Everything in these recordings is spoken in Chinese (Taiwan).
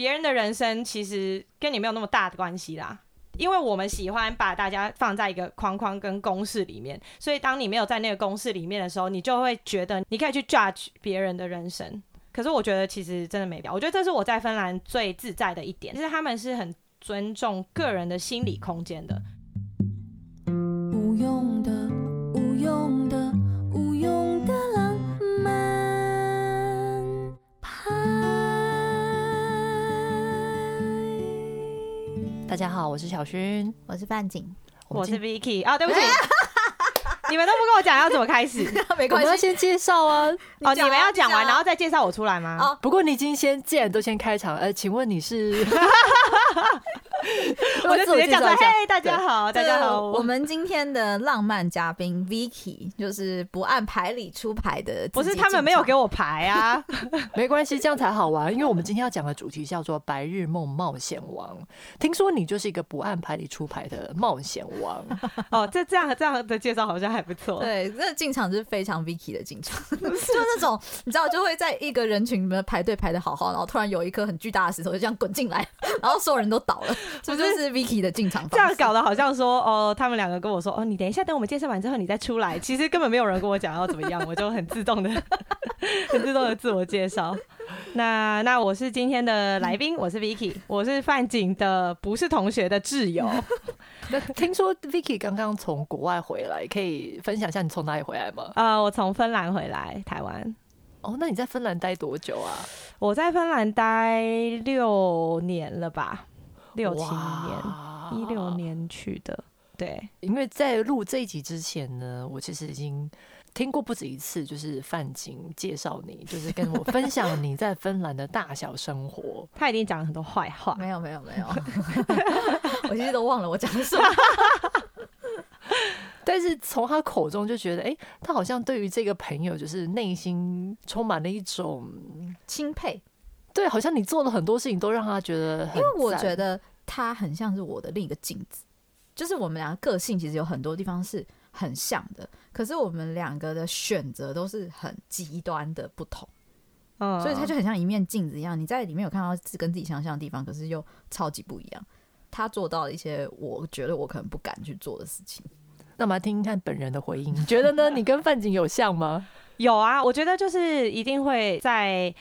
別人的人生其實跟你沒有那麼大的關係啦，因為我們喜歡把大家放在一個框框跟公式裡面，所以當你沒有在那個公式裡面的時候，你就會覺得你可以去 judge 別人的人生。可是我覺得其實真的沒必要，我覺得這是我在芬蘭最自在的一點，就是他們是很尊重個人的心理空間的。不用的大家好，我是小薰，我是 FainJin，我是 Vickie 我啊，對不起、哎。你們都不跟我講要怎麼開始， 沒關係，我們要先介紹啊，啊。哦，你們要講完、啊、然後再介紹我出來嗎？哦，不過你已經先，既然都先開場，呃，請問你是？ 我就直接講說：“嘿，大家好，大家好，我們今天的浪漫嘉賓 Vickie，就是不按牌理出牌的。”不是，他們沒有給我牌啊。 沒關係，這樣才好玩。因為我們今天要講的主題叫做《白日夢冒險王》，聽說你就是一個不按牌理出牌的冒險王。 哦，這這樣這樣的介紹好像還。還不錯，對，那進場就是非常 Vicky 的進場，是 就那種你知道就會在一個人群裡面排隊排的好好，然後突然有一顆很巨大的石頭就這樣滾進來，然後所有人都倒了，這就，就是 Vicky 的進場。這樣搞得好像說哦，他們兩個跟我說哦，你等一下，等我們介紹完之後你再出來。其實根本沒有人跟我講要怎麼樣， 我就很自動的、 很自動的自我介紹。那那我是今天的來賓，我是 Vicky，我是范景的不是同學的摯友。 聽說 Vicky 剛剛從國外回來，可以分享一下你從哪裡回來嗎？啊、呃，我從芬蘭回來台灣。哦，那你在芬蘭待多久啊？我在芬蘭待六年了吧，六七年，一六年去的。對，因為在錄這一集之前呢，我其實已經聽過不止一次，就是范景介紹你，就是跟我分享你在芬蘭的大小生活。 他已經講了很多壞話，沒有沒有沒有，我其實都忘了我講的什麼。 但是從他口中就覺得，哎、欸，他好像對於這個朋友就是內心充滿了一種欽佩。對，好像你做了很多事情都讓他覺得很讚。因為我覺得他很像是我的另一個鏡子，就是我們兩個個性其實有很多地方是很像的，可是我們兩個的選擇都是很極端的不同，嗯。所以他就很像一面鏡子一樣，你在裡面有看到是跟自己相像的地方，可是又超級不一樣。他做到了一些我覺得我可能不敢去做的事情。那麼聽聽看本人的回應，你覺得呢？你跟范景有像嗎？ 有啊，我覺得就是一定會在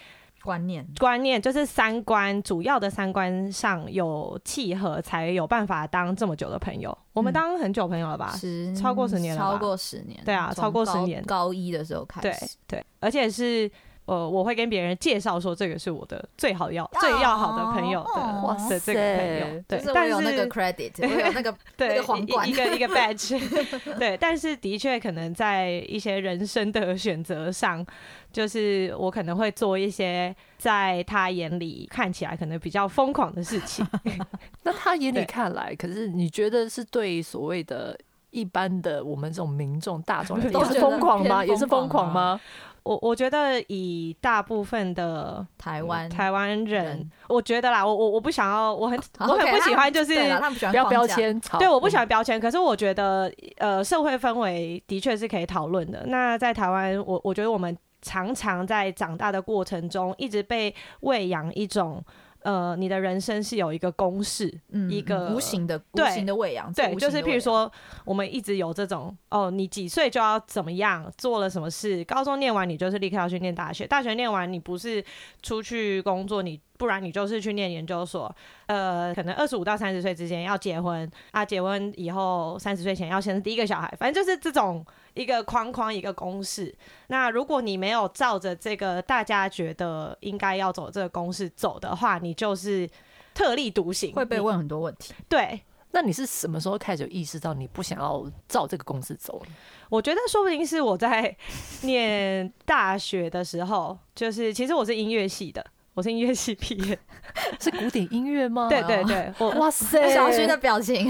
觀念、觀念就是三觀，主要的三觀上有契合，才有辦法當這麼久的朋友。我們當很久的朋友了吧、嗯？十、超過十年了吧？超過十年，對啊，超過十年，從高、高一的時候開始，對，對，而且是。呃，我會跟別人介紹說，這個是我的最好要、oh, 最要好的朋友的 oh, oh, 對，哇塞，這個、朋友對，就是我有那個 credit，有那個對，對， 對、對、對、對一個一個 badge， 對，但是的確可能在一些人生的選擇上，就是我可能會做一些在他眼裡看起來可能比較瘋狂的事情。 那他眼裡看來，可是你覺得是對所謂的一般的我們這種民眾 大眾，也是瘋狂、狂嗎？也是瘋狂嗎？ 我我覺得以大部分的台灣台灣人，嗯、人我覺得啦，我我我不想要，我很我很不喜歡，就是不要標籤，對，我不喜歡標籤。可是我覺得，呃，社會氛圍的確是可以討論的。嗯。那在台灣，我我覺得我們常常在長大的過程中，一直被餵養一種。呃，你的人生是有一個公式，嗯、一個無形的、對無形的餵養，對，就是譬如說，我們一直有這種哦，你幾歲就要怎麼樣，做了什麼事，高中念完你就是立刻要去念大學，大學念完你不是出去工作你，你不然你就是去念研究所，呃，可能二十五到三十歲之間要結婚啊，結婚以後三十歲前要生第一個小孩，反正就是這種。一個框框，一個公式。那如果你沒有照着這個大家覺得應該要走這個公式走的話，你就是特立獨行，會被問很多問題。對，那你是什麼時候開始意識到你不想要照這個公式走呢？我覺得說不定是我在念大學的時候， 就是其實我是音樂系的。我是音樂系畢業 是古典音樂嗎？啊？對對對，我哇塞！小薰的表情。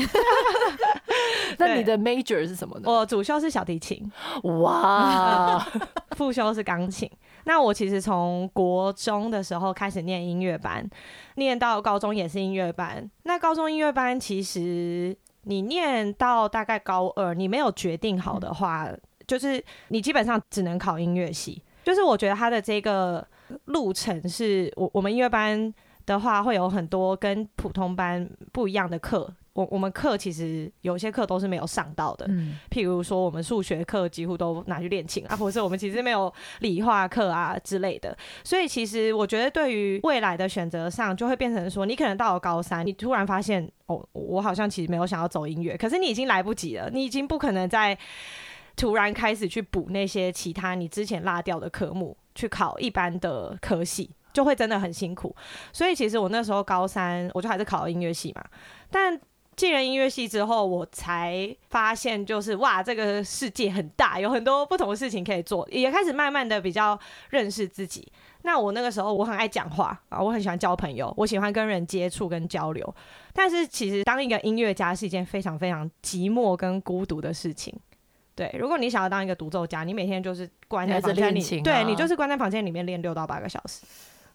那你的 major 是什麼呢？我主修是小提琴，哇， 副修是鋼琴。那我其實從國中的時候開始念音樂班，念到高中也是音樂班。那高中音樂班其實你念到大概高二，你沒有決定好的話，嗯、就是你基本上只能考音樂系。就是我覺得他的這個。路程是我我們，音樂班的話，會有很多跟普通班不一樣的課。我我們課其實有些課都是沒有上到的，譬如說我們數學課幾乎都拿去練琴啊，不是我們其實沒有理化課啊之類的。所以其實我覺得，對於未來的選擇上，就會變成說，你可能到了高三，你突然發現哦、喔，我好像其實沒有想要走音樂，可是你已經來不及了，你已經不可能再突然開始去補那些其他你之前落掉的科目。去考一般的科系，就會真的很辛苦，所以其實我那時候高三我就還是考了音樂系嘛。但進了音樂系之後，我才發現就是哇，這個世界很大，有很多不同的事情可以做，也開始慢慢的比較認識自己。那我那個時候我很愛講話啊，我很喜歡交朋友，我喜歡跟人接觸跟交流。但是其實當一個音樂家是一件非常非常寂寞跟孤獨的事情。對，如果你想要當一個獨奏家，你每天就是關在房間裡，琴啊、對，你就是關在房間裡面練六到八個小時，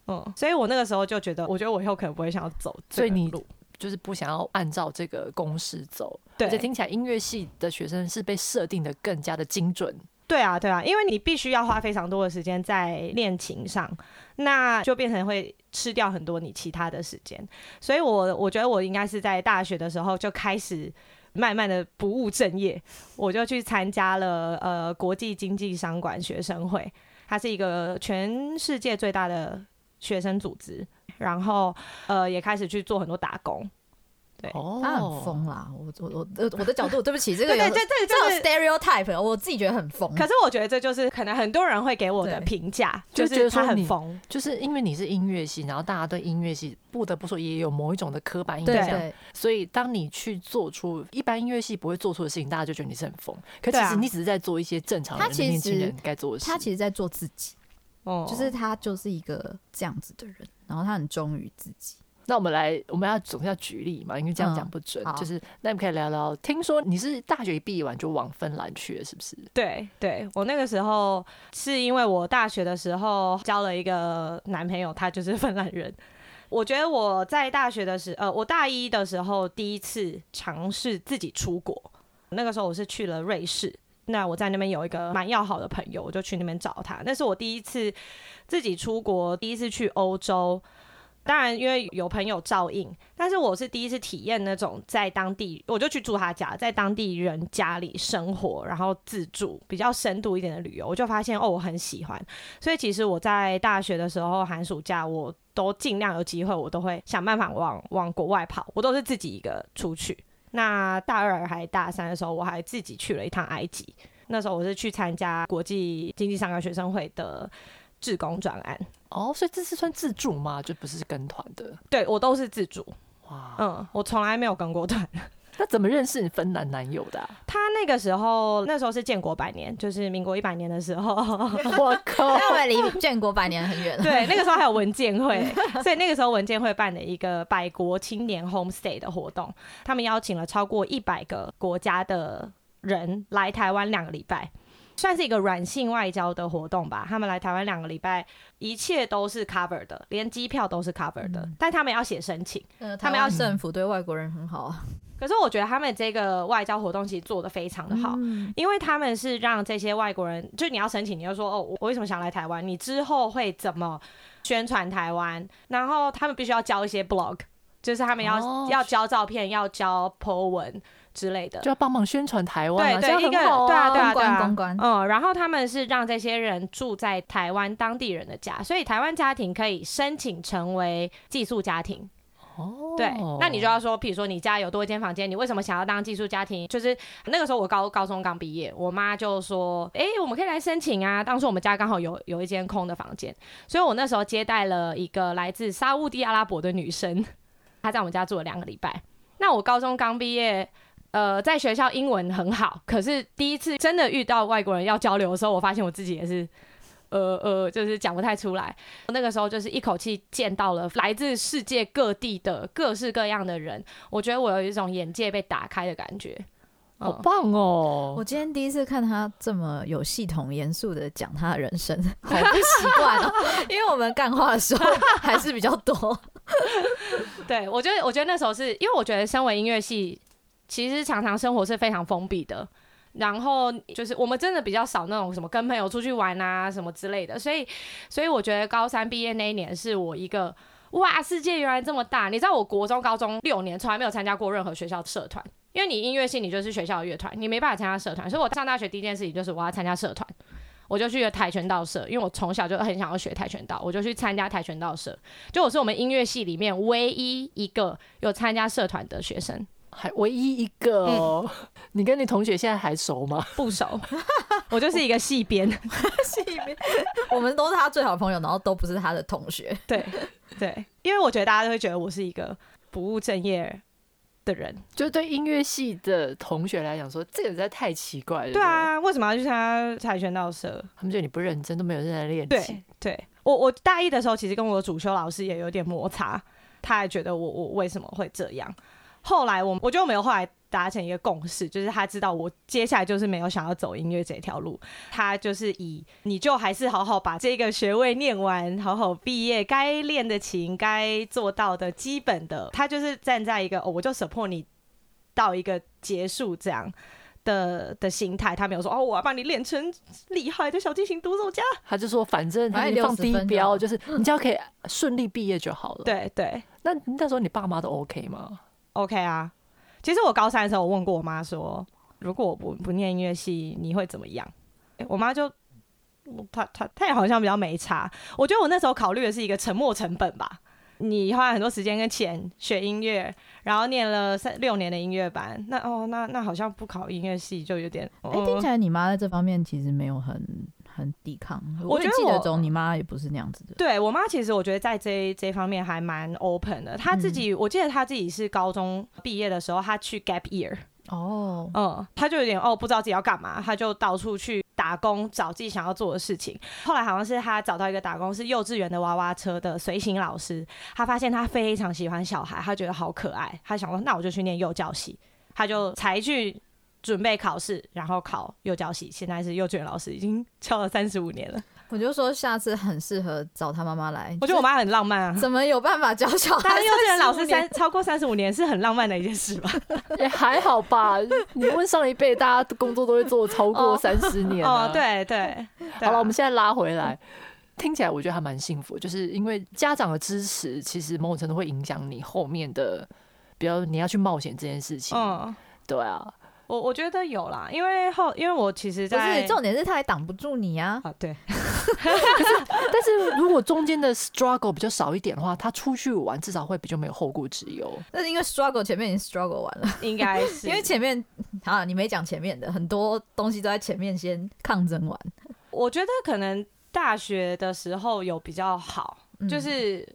嗯，所以我那個時候就覺得，我覺得我以後可能不會想要走。所以你就是不想要按照這個公式走。對，聽起來音樂系的學生是被設定的更加的精準。對啊，對啊，因為你必須要花非常多的時間在練琴上，那就變成會吃掉很多你其他的時間。所以我我覺得我應該是在大學的時候就開始。慢慢的不務正業，我就去參加了呃國際經濟商管學生會，它是一個全世界最大的學生組織，然後呃也開始去做很多打工。哦，oh, 他很瘋啦！我我我的角度， 對不起，這個對對對、就是，這種、個、stereotype 我自己覺得很瘋。可是我覺得這就是可能很多人會給我的評價、就是，就覺得他很瘋，就是因為你是音樂系，然後大家對音樂系不得不說也有某一種的刻板印象。對，所以當你去做出一般音樂系不會做出的事情，大家就覺得你是很瘋。可其實你只是在做一些正常的年輕人該做的事。他其實，在做自己，哦，就是他就是一個這樣子的人，oh. 然後他很忠於自己。那我們來，我們要總是要舉例嘛，因為這樣講不準。嗯，就是，那你們可以聊聊。聽說你是大學一畢業完就往芬蘭去了，是不是？對對，我那個時候是因為我大學的時候交了一個男朋友，他就是芬蘭人。我覺得我在大學的時候，呃，我大一的時候第一次嘗試自己出國，那個時候我是去了瑞士。那我在那邊有一個蠻要好的朋友，我就去那邊找他。那是我第一次自己出國，第一次去歐洲。當然，因為有朋友照應，但是我是第一次體驗那種在當地，我就去住他家，在當地人家裡生活，然後自助，比較深度一點的旅遊，我就發現哦，我很喜歡。所以其實我在大學的時候，寒暑假我都儘量有機會，我都會想辦法往往國外跑，我都是自己一個出去。那大二還大三的時候，我還自己去了一趟埃及，那時候我是去參加國際經濟商管學生會的志工專案。哦、oh，所以這是算自助嗎？就不是跟團的？對，我都是自助。哇、wow，嗯，我從來沒有跟過團。那怎麼認識你芬蘭男，男友的、啊？他那個時候，那時候是建國百年，就是民國一百年的時候。我靠，那我們離建國百年很遠了。 對，那個時候還有文建會，所以那個時候文建會辦了一個百國青年 homestay 的活動，他們邀請了超過一百個國家的人來台灣兩個禮拜。算是一個軟性外交的活動吧，他們來台灣兩個禮拜，一切都是 cover 的，連機票都是 cover 的，嗯、但他們要寫申請，呃、他們要政府對外國人很好啊。可是我覺得他們這個外交活動其實做得非常的好，嗯，因為他們是讓這些外國人，就你要申請你，你要說哦，我為什麼想來台灣，你之後會怎麼宣傳台灣，然後他們必須要交一些 blog，就是他們要、哦、要交照片，要交 po 文。之類的，就要幫忙宣傳台灣、啊，對對,對這樣、啊，一個對啊對啊對啊對啊公關公關。嗯，然後他們是讓這些人住在台灣當地人的家，所以台灣家庭可以申請成為寄宿家庭。哦，對，那你就要說，譬如說你家有多一間房間，你為什麼想要當寄宿家庭？就是那個時候我高高中剛畢業，我媽就說：“哎、欸，我們可以來申請啊。”當時我們家剛好有有一間空的房間，所以我那時候接待了一個來自沙烏地阿拉伯的女生，她在我們家住了兩個禮拜。那我高中剛畢業。呃，在學校英文很好，可是第一次真的遇到外國人要交流的時候，我發現我自己也是，呃呃，就是講不太出來。那個時候就是一口氣見到了來自世界各地的各式各樣的人，我覺得我有一種眼界被打開的感覺。哦，好棒哦！我今天第一次看他這麼有系統、嚴肅的講他的人生，好不習慣哦， 因為我們幹話的時候還是比較多。 對，我覺得，我覺得那時候是因為我覺得身為音樂系。其實常常生活是非常封閉的，然後就是我們真的比較少那種什麼跟朋友出去玩啊什麼之類的，所以所以我覺得高三畢業那一年是我一個哇，世界原來這麼大！你知道我國中、高中六年從來沒有參加過任何學校社團，因為你音樂系你就是學校的樂團，你沒辦法參加社團。所以我上大學第一件事情就是我要參加社團，我就去了跆拳道社，因為我從小就很想要學跆拳道，我就去參加跆拳道社，就我是我們音樂系裡面唯一一個有參加社團的學生。還唯一一個哦、喔嗯，你跟你同學現在還熟嗎？不熟， 我就是一個戲編，戲編， 戲邊 我們都是他最好的朋友，然後都不是他的同學。對對，因為我覺得大家都會覺得我是一個不務正業的人，就對音樂系的同學來講說，這個實在太奇怪了。對啊，對對，為什麼要去參加跆拳道社？他們覺得你不認真，都沒有認真練習。對，對我我大一的時候，其實跟我主修老師也有點摩擦，他還覺得我我為什麼會這樣。後來我我就沒有後來達成一個共識，就是他知道我接下來就是沒有想要走音樂這條路，他就是以你就還是好好把這個學位念完，好好畢業，該練的琴，該做到的基本的，他就是站在一個、哦、我就 support 你到一個結束這樣的的心態，他沒有說哦我要把你練成厲害的小提琴獨奏家，他就說反正他放低標，就是你只要可以順利畢業就好了。對對，那你那時候你爸媽都 OK 嗎？OK 啊，其實我高三的時候，我問過我媽說，如果我不不念音樂系，你會怎麼樣？欸、我媽就，她她她也好像比較沒差。我覺得我那時候考慮的是一個沉沒成本吧，你花很多時間跟錢學音樂，然後念了三六年的音樂班，那哦，那那好像不考音樂系就有點……誒、呃欸，聽起來你媽在這方面其實沒有很。很抵抗，我，記得中我覺得我你媽也不是那樣子的。對，我媽其實我覺得在這這方面還蠻 open 的，她自己、嗯、我記得她自己是高中畢業的時候，她去 gap year 哦，嗯，她就有點哦不知道自己要幹嘛，她就到處去打工找自己想要做的事情。後來好像是她找到一個打工是幼稚園的娃娃車的隨行老師，她發現她非常喜歡小孩，她覺得好可愛，她想說那我就去念幼教系，她就才去。準備考試，然後考幼教系。現在是幼稚園老師，已經教了三十五年了。我就說下次很適合找他媽媽來。我覺得我媽很浪漫啊。怎麼有辦法教小孩？當幼稚園老師三 超過三十五年是很浪漫的一件事吧？也還好吧。 你問上一輩，大家工作都會做超過三十年啊？對、哦哦、對。對好了，我們現在拉回來，聽起來我覺得還蠻幸福，就是因為家長的支持，其實某種程度會影響你後面的，比如你要去冒險這件事情。嗯、哦。對啊。我我覺得有啦，因為後因為我其實就是重點是他還擋不住你啊啊對， 可是但是如果中間的 struggle 比較少一點的話，他出去玩至少會比較沒有後顧之憂。但是因為 struggle 前面已經 struggle 完了，應該是因為前面好啊你沒講前面的很多東西都在前面先抗爭完。我覺得可能大學的時候有比較好，嗯、就是。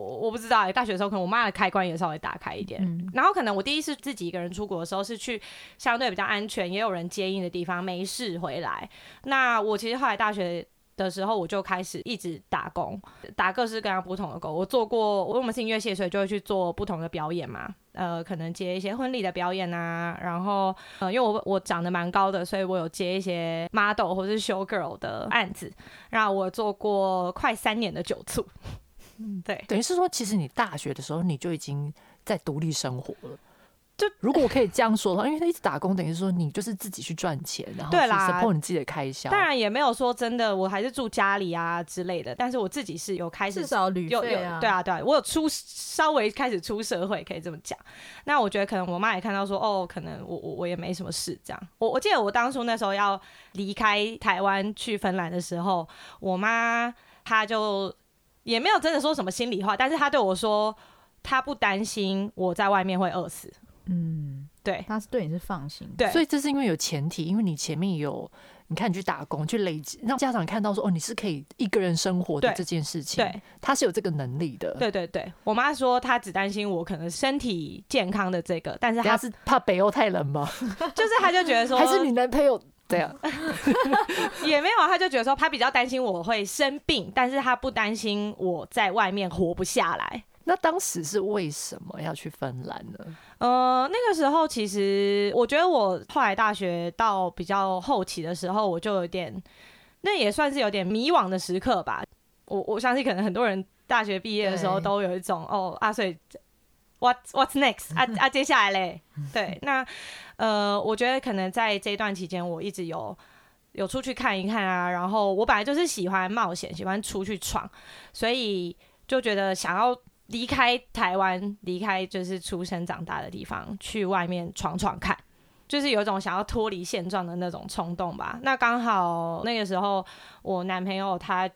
我不知道，欸，大學的時候可能我媽的開關也稍微打開一點。嗯，然後可能我第一次自己一個人出國的時候是去相對比較安全也有人接應的地方，沒事回來。那我其實後來大學的時候我就開始一直打工，打各式各樣不同的工。我做過，因為我們是音樂系，所以就會去做不同的表演嘛。呃，可能接一些婚禮的表演啊，然後呃，因為我我長得蠻高的，所以我有接一些 model 或是 show girl 的案子。那我做過快三年的酒促。嗯、對，等於是說，其實你大學的時候你就已經在獨立生活了，就如果我可以這樣說的話， 因為他一直打工，等於是說你就是自己去賺錢，然後去 support 你自己的開銷。當然也沒有說真的，我還是住家裡啊之類的。但是我自己是有開始至少旅，啊，有有對啊對啊，我有出稍微開始出社會，可以這麼講。那我覺得可能我媽也看到說，哦，可能我我我也沒什麼事這樣。我我記得我當初那時候要離開台灣去芬蘭的時候，我媽她就，也沒有真的說什麼心裡話，但是他對我說，他不擔心我在外面會餓死。嗯，對，他是對你是放心，對，所以這是因為有前提，因為你前面有，你看你去打工去累積，讓家長看到說，哦，你是可以一個人生活的這件事情，對，他是有這個能力的。對對對，我媽說她只擔心我可能身體健康的這個，但是他是怕北歐太冷嗎？就是他就覺得說， 還是你男朋友。這樣 也沒有，他就覺得說他比較擔心我會生病，但是他不擔心我在外面活不下來。那當時是為什麼要去芬蘭呢？呃，那個時候其實我覺得我後來大學到比較後期的時候，我就有點，那也算是有點迷惘，的時刻吧。我我相信可能很多人大學畢業的時候都有一種哦，啊所以。What what's next 啊啊，接下來嘞？ 對，那呃，我覺得可能在這一段期間，我一直有有出去看一看啊。然後我本來就是喜歡冒險，喜歡出去闖，所以就覺得想要離開台灣，離開就是出生長大的地方，去外面闖闖看，就是有一種想要脫離現狀的那種衝動吧。那剛好那個時候，我男朋友他。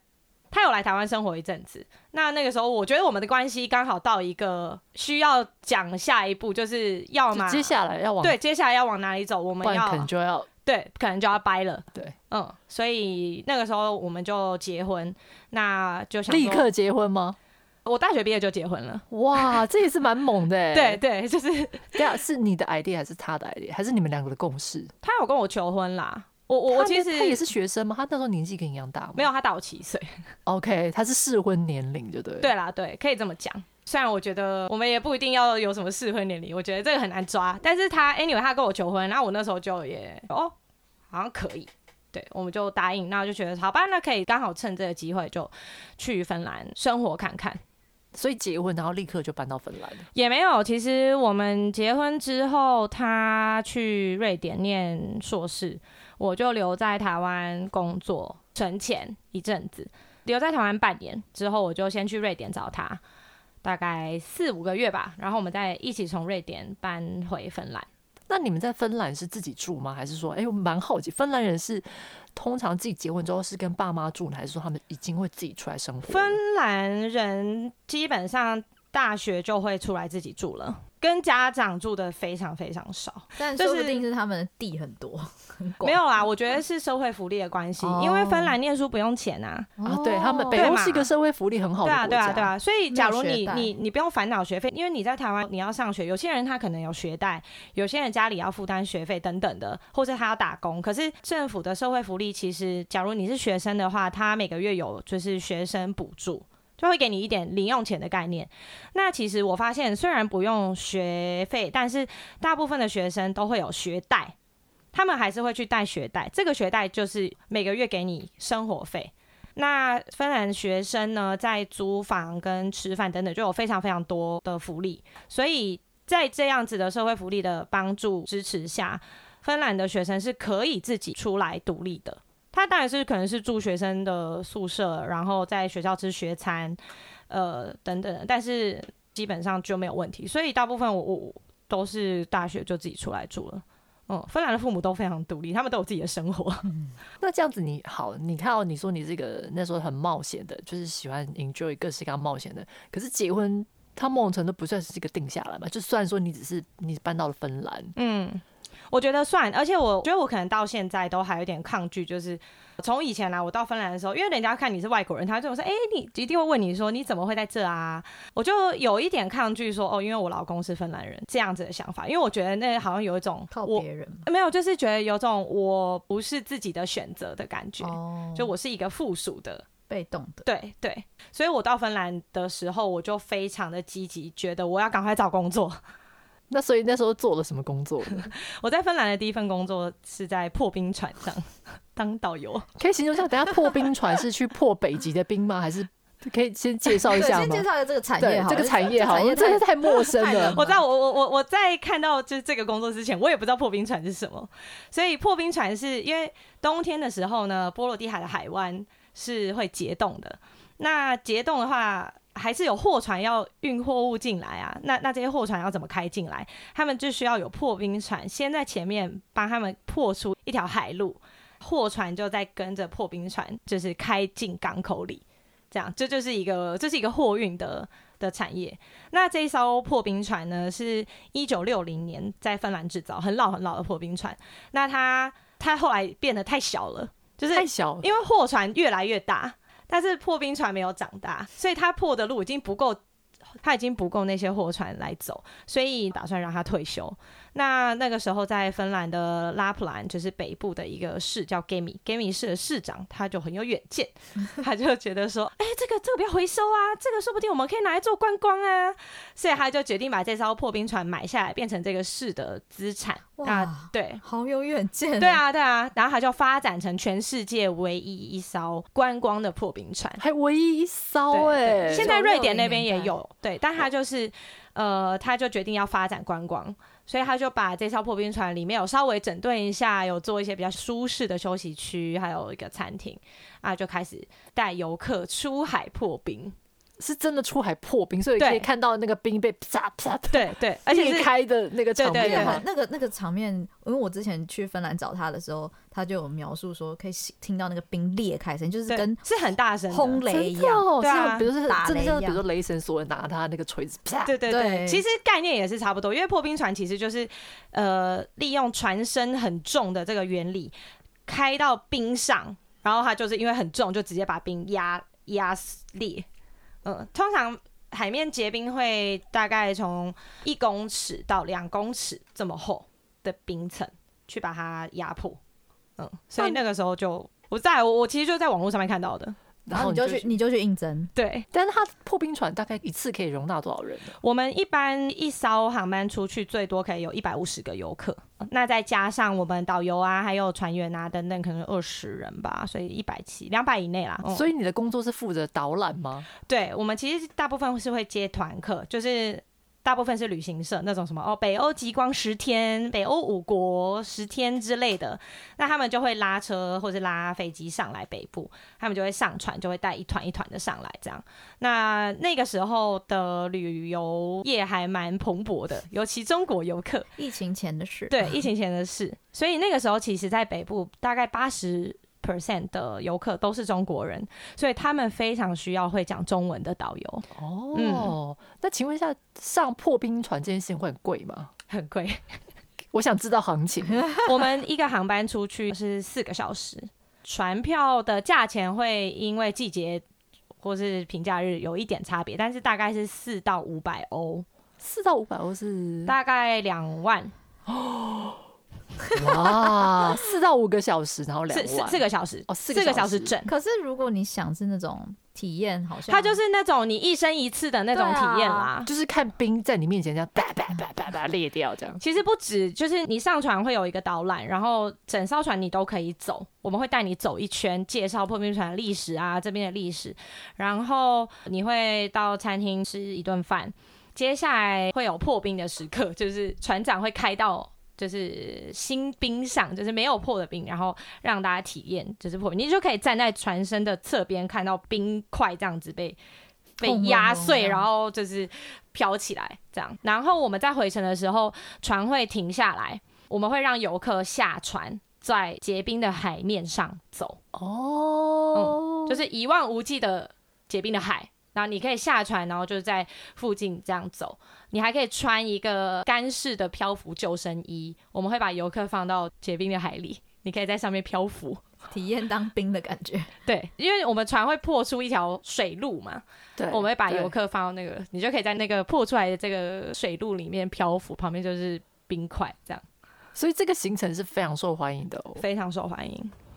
他有來台灣生活一陣子，那那個時候我覺得我們的關係剛好到一個需要講下一步，就是要嘛接下來要往對，接下來要往哪裡走？我們要可能就要對，可能就要掰了。對，嗯，所以那個時候我們就結婚，那就想立刻結婚嗎？我大學畢業就結婚了，哇，這也是蠻猛的。 對對，就是這樣，是你的 idea 還是他的 idea，還是你們兩個的共識？他有跟我求婚啦。我我我其實他也是學生嗎？他那時候年紀跟你一樣大嗎？沒有，他大我七歲。OK，他是適婚年齡，就對。對啦，對，可以這麼講。雖然我覺得我們也不一定要有什麼適婚年齡，我覺得這個很難抓。但是他 anyway，他跟我求婚，然後我那時候就也哦，好像可以，對，我們就答應。那我就覺得好吧，那可以剛好趁這個機會就去芬蘭生活看看。所以結婚，然後立刻就搬到芬蘭。也沒有，其實我們結婚之後，他去瑞典念碩士，我就留在台灣工作存錢一陣子，留在台灣半年之後，我就先去瑞典找他，大概四五個月吧。然後我們再一起從瑞典搬回芬蘭。那你們在芬蘭是自己住嗎？還是說，誒、欸，我蠻好奇，芬蘭人是通常自己結婚之後是跟爸媽住，還是說他們已經會自己出來生活？芬蘭人基本上。大學就會出來自己住了，跟家長住的非常非常少，但說不定是他們的地很多，就是、 沒有啊，我覺得是社會福利的關係，oh. 因為芬蘭念書不用錢啊。啊、oh.，對他們都是一個社會福利很好的對啊，對啊，對啊。所以，假如你你你不用煩惱學費，因為你在台灣你要上學，有些人他可能有學貸，有些人家裡要負擔學費等等的，或者他要打工。可是政府的社會福利其實，假如你是學生的話，他每個月有就是學生補助。就會給你一點零用錢的概念。那其實我發現，雖然不用學費，但是大部分的學生都會有學貸，他們還是會去貸學貸。這個學貸就是每個月給你生活費。那芬蘭學生呢，在租房跟吃飯等等，就有非常非常多的福利。所以在這樣子的社會福利的幫助支持下，芬蘭的學生是可以自己出來獨立的。他當然是可能是住學生的宿舍，然後在學校吃學餐，呃等等，但是基本上就沒有問題，所以大部分我我都是大學就自己出來住了。嗯，芬蘭的父母都非常獨立，他們都有自己的生活。嗯、 那這樣子你好，你看到你說你這個那時候很冒險的，就是喜歡 enjoy 各式各樣冒險的，可是結婚，它某種程度不算是一個定下來嘛？就算說你只是你搬到了芬蘭，嗯。我覺得算，而且我覺得我可能到現在都還有點抗拒，就是從以前來，我到芬蘭的時候，因為人家看你是外國人，他就說，哎、欸，你一定會問你說你怎麼會在這啊？我就有一點抗拒說，說哦，因為我老公是芬蘭人，這樣子的想法，因為我覺得那好像有一種靠別人，沒有，就是覺得有一種我不是自己的選擇的感覺、哦，就我是一個附屬的、被動的，對對，所以我到芬蘭的時候，我就非常的積極，覺得我要趕快找工作。那所以那時候做了什麼工作呢？我在芬蘭的第一份工作是在破冰船上當導遊。 可以形容一下，等下破冰船是去破北極的冰嗎？還是可以先介紹一下嗎？ 對先介紹一下這個產業這個產業好，因、這、為、個、真的太陌生、這個、了。我知道，我我我我在看到就是這個工作之前，我也不知道破冰船是什麼。所以破冰船是因為冬天的時候呢，波羅的海的海灣是會結凍的。那結凍的話。還是有貨船要運貨物進來啊，那那這些貨船要怎麼開進來？他們就需要有破冰船先在前面幫他們破出一條海路，貨船就在跟着破冰船就是開進港口裡，這樣這就是一個這是一個貨運的的產業。那這一艘破冰船呢，是一九六零年在芬蘭制造，很老很老的破冰船。那它它後來變得太小了，就是太小，因為貨船越來越大。但是破冰船沒有長大，所以他破的路已經不夠，他已經不夠那些貨船來走，所以打算讓他退休。那那個時候，在芬蘭的拉普蘭就是北部的一個市叫 Gemy，Gemy 市的市長他就很有遠見， 他就覺得說，哎、欸，這個這個不要回收啊，這個說不定我們可以拿來做觀光啊，所以他就決定把這艘破冰船買下來，變成這個市的資產。哇，對，好有遠見、欸。對啊，對啊，然後他就發展成全世界唯一一艘觀光的破冰船，還唯一一艘、欸。哎，現在瑞典那邊也有，對，但他就是，呃，他就決定要發展觀光。所以他就把這艘破冰船裡面有稍微整頓一下，有做一些比較舒適的休息區，還有一個餐廳啊，就開始帶遊客出海破冰。是真的出海破冰，所以你可以看到那個冰被啪啪，對對，而且是裂開的那個場面嘛？那個那個場面，因為我之前去芬蘭找他的時候，他就有描述說可以聽到那個冰裂開聲，就是跟是很大聲轟雷一樣。喔對啊、是，比如是真的，比如說雷神索爾拿他那個錘子啪。對對對，對，對，其實概念也是差不多，因為破冰船其實就是呃利用船身很重的這個原理開到冰上，然後他就是因為很重，就直接把冰壓壓裂。嗯，通常海面結冰會大概從一公尺到兩公尺這麼厚的冰層去把它壓破，嗯，所以那個時候就、啊、我在我其實就在網絡上面看到的。然後你就去，哦、你就去應徵。對，但是它，破冰船大概一次可以容納多少人？我們一般一艘航班出去最多可以有一百五十個遊客，嗯，那再加上我們導遊啊，還有船員啊等等，可能二十人吧，所以一百七、兩百以內啦。所以你的工作是負責導覽嗎？嗯？對，我們其實大部分是會接團客，就是。大部分是旅行社那種什麼哦，北歐極光十天，北歐五國十天之類的，那他們就會拉車或是拉飛機上來北部，他們就會上船，就會帶一團一團的上來這樣。那那個時候的旅遊業還蠻蓬勃的，尤其中國遊客。疫情前的事啊。對，疫情前的事。所以那個時候，其實在北部大概八十 percent 的遊客都是中國人，所以他們非常需要會講中文的導遊。哦、oh, 嗯，那請問一下，上破冰船這件事會很貴嗎？很貴。 我想知道行情 。我們一個航班出去是四個小時， 船票的價錢會因為季節或是平假日有一點差別，但是大概是四到五百歐。四到五百歐是大概兩萬。哦。 哇，四到五個小時，然後兩四四個小時哦，四小時，四個小時整。可是如果你想是那種體驗，好像它就是那種你一生一次的那種體驗啦、對啊，就是看冰在你面前這樣叭叭叭叭叭，叭裂掉這樣。其實不止，就是你上船會有一個導覽，然後整艘船你都可以走，我們會帶你走一圈，介紹破冰船的歷史啊，這邊的歷史，然後你會到餐廳吃一頓飯，接下來會有破冰的時刻，就是船長會開到。就是新冰上，就是沒有破的冰，然後讓大家體驗就是破冰，你就可以站在船身的側邊看到冰塊這樣子被被壓碎，然後就是飄起來這樣。然後我們在回程的時候，船會停下來，我們會讓遊客下船，在結冰的海面上走。哦，oh，嗯，就是一望無際的結冰的海。然後你可以下船，然後就是在附近這樣走。你還可以穿一個乾式的漂浮救生衣。我們會把遊客放到結冰的海裡，你可以在上面漂浮，體驗當冰的感覺。 對，因為我們船會破出一條水路嘛。對，我們會把遊客放到那個，你就可以在那個破出來的這個水路裡面漂浮，旁邊就是冰塊這樣。所以這個行程是非常受歡迎的，非常受歡迎。